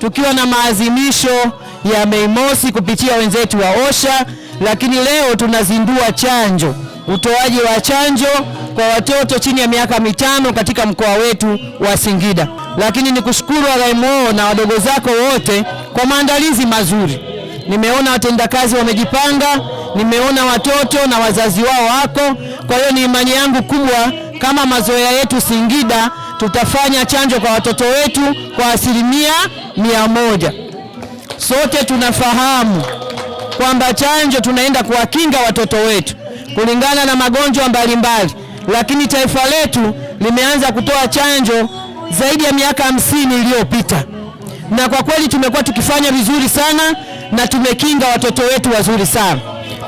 tukiwa na maazimisho ya Mei Mosi kupitia wenzetu wa OSHA, lakini leo tunazindua chanjo, utoaji wa chanjo kwa watoto chini ya miaka mitano katika mkoa wetu wa Singida. Lakini nikushukuru RMO na wadogo zako wote kwa maandalizi mazuri. Nimeona watendakazi wamejipanga, nimeona watoto na wazazi wao wako. Kwa hiyo ni imani yangu kubwa kama mazoea yetu Singida tutafanya chanjo kwa watoto wetu kwa asilimia mia moja. Sote tunafahamu kwamba chanjo tunaenda kuwakinga watoto wetu kulingana na magonjwa mbalimbali, lakini taifa letu limeanza kutoa chanjo zaidi ya miaka hamsini iliyopita, na kwa kweli tumekuwa tukifanya vizuri sana na tumekinga watoto wetu wazuri sana.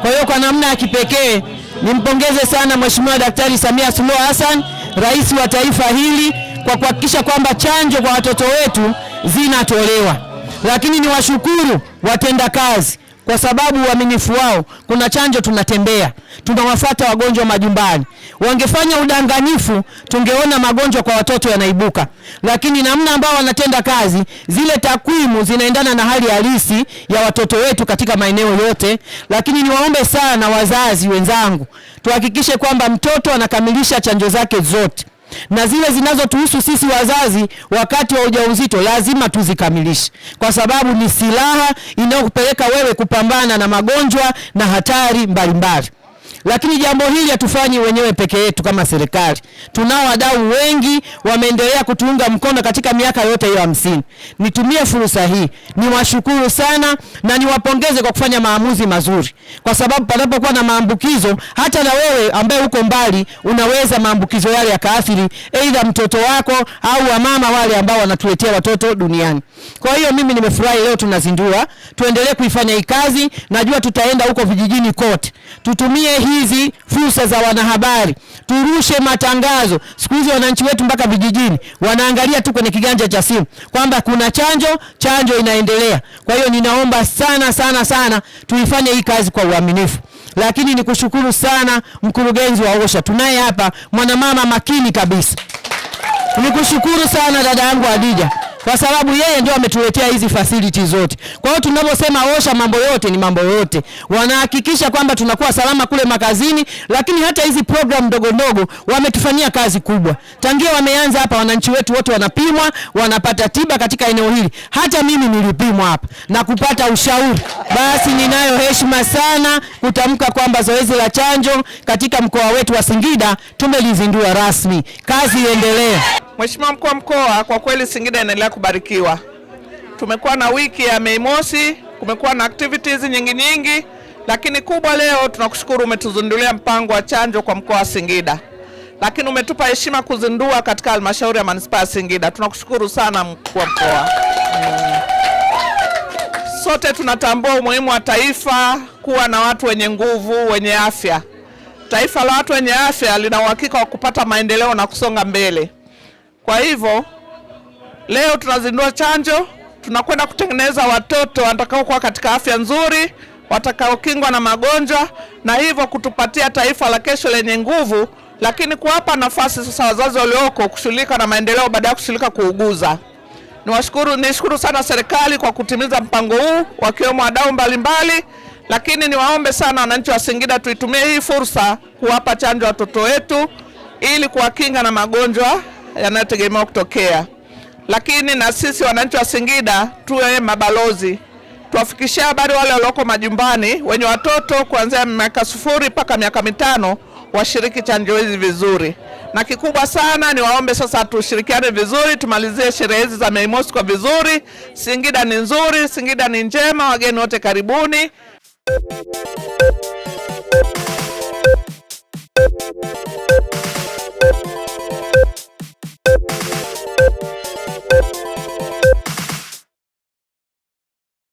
Kwa hiyo kwa namna ya kipekee nimpongeze sana Mheshimiwa Daktari Samia Suluhu Hassan, rais wa taifa hili, kwa kuhakikisha kwamba chanjo kwa watoto wetu zinatolewa. Lakini ni washukuru watenda kazi kwa sababu uaminifu wao. Kuna chanjo tunatembea, tunawafuata wagonjwa majumbani. Wangefanya udanganyifu, tungeona magonjwa kwa watoto yanaibuka, lakini namna ambao wanatenda kazi, zile takwimu zinaendana na hali halisi ya watoto wetu katika maeneo yote. Lakini niwaombe sana wazazi wenzangu, tuhakikishe kwamba mtoto anakamilisha chanjo zake zote na zile zinazotuhusu sisi wazazi wakati wa ujauzito lazima tuzikamilishe, kwa sababu ni silaha inayokupeleka wewe kupambana na magonjwa na hatari mbalimbali. Lakini jambo hili hatufanyi wenyewe peke yetu kama serikali, tunao wadau wengi wameendelea kutuunga mkono katika miaka yote hiyo hamsini. Nitumie fursa hii niwashukuru sana na niwapongeze kwa kufanya maamuzi mazuri, kwa sababu panapokuwa na maambukizo, hata na wewe ambaye uko mbali, unaweza maambukizo yale yakaathiri aidha mtoto wako au wamama wale ambao wanatuletea watoto duniani. Kwa hiyo mimi nimefurahi leo tunazindua, tuendelee kuifanya hii kazi. Najua tutaenda huko vijijini kote, tutumie hii hizi fursa za wanahabari, turushe matangazo. Siku hizi wananchi wetu mpaka vijijini wanaangalia tu kwenye kiganja cha simu kwamba kuna chanjo, chanjo inaendelea. Kwa hiyo ninaomba sana sana sana tuifanye hii kazi kwa uaminifu lakini nikushukuru sana mkurugenzi wa OSHA, tunaye hapa mwanamama makini kabisa. Nikushukuru sana dada yangu Adija kwa sababu yeye ndio ametuletea hizi facility zote. Kwa hiyo tunaposema osha mambo yote ni mambo yote, wanahakikisha kwamba tunakuwa salama kule makazini, lakini hata hizi program ndogo ndogo wametufanyia kazi kubwa. Tangia wameanza hapa, wananchi wetu wote wanapimwa, wanapata tiba katika eneo hili. Hata mimi nilipimwa hapa na kupata ushauri. Basi ninayo heshima sana kutamka kwamba zoezi la chanjo katika mkoa wetu wa Singida tumelizindua rasmi. Kazi iendelee. Mheshimiwa mkuu wa mkoa, kwa kweli Singida inaendelea kubarikiwa. Tumekuwa na wiki ya Mei Mosi, kumekuwa na activities nyingi nyingi, lakini kubwa leo tunakushukuru, umetuzindulia mpango wa chanjo kwa mkoa wa Singida, lakini umetupa heshima kuzindua katika halmashauri ya manispaa ya Singida. Tunakushukuru sana mkuu wa mkoa. Sote tunatambua umuhimu wa taifa kuwa na watu wenye nguvu, wenye afya. Taifa la watu wenye afya lina uhakika wa kupata maendeleo na kusonga mbele. Kwa hivyo leo tunazindua chanjo, tunakwenda kutengeneza watoto watakaokuwa katika afya nzuri, watakaokingwa na magonjwa, na hivyo kutupatia taifa la kesho lenye nguvu, lakini kuwapa nafasi sasa wazazi walioko kushughulika na maendeleo baada ya kushughulika kuuguza. Niwashukuru, nishukuru sana serikali kwa kutimiza mpango huu wakiwemo wadau mbalimbali, lakini niwaombe sana wananchi wa Singida tuitumie hii fursa kuwapa chanjo watoto wetu ili kuwakinga na magonjwa yanayotegemewa kutokea, lakini na sisi wananchi wa Singida tuwe mabalozi, tuwafikishie habari wale walioko majumbani wenye watoto kuanzia miaka sufuri mpaka miaka mitano washiriki chanjo hizi vizuri, na kikubwa sana ni waombe sasa tushirikiane vizuri, tumalizie sherehe hizi za Mei Mosi kwa vizuri. Singida ni nzuri, Singida ni njema, wageni wote karibuni.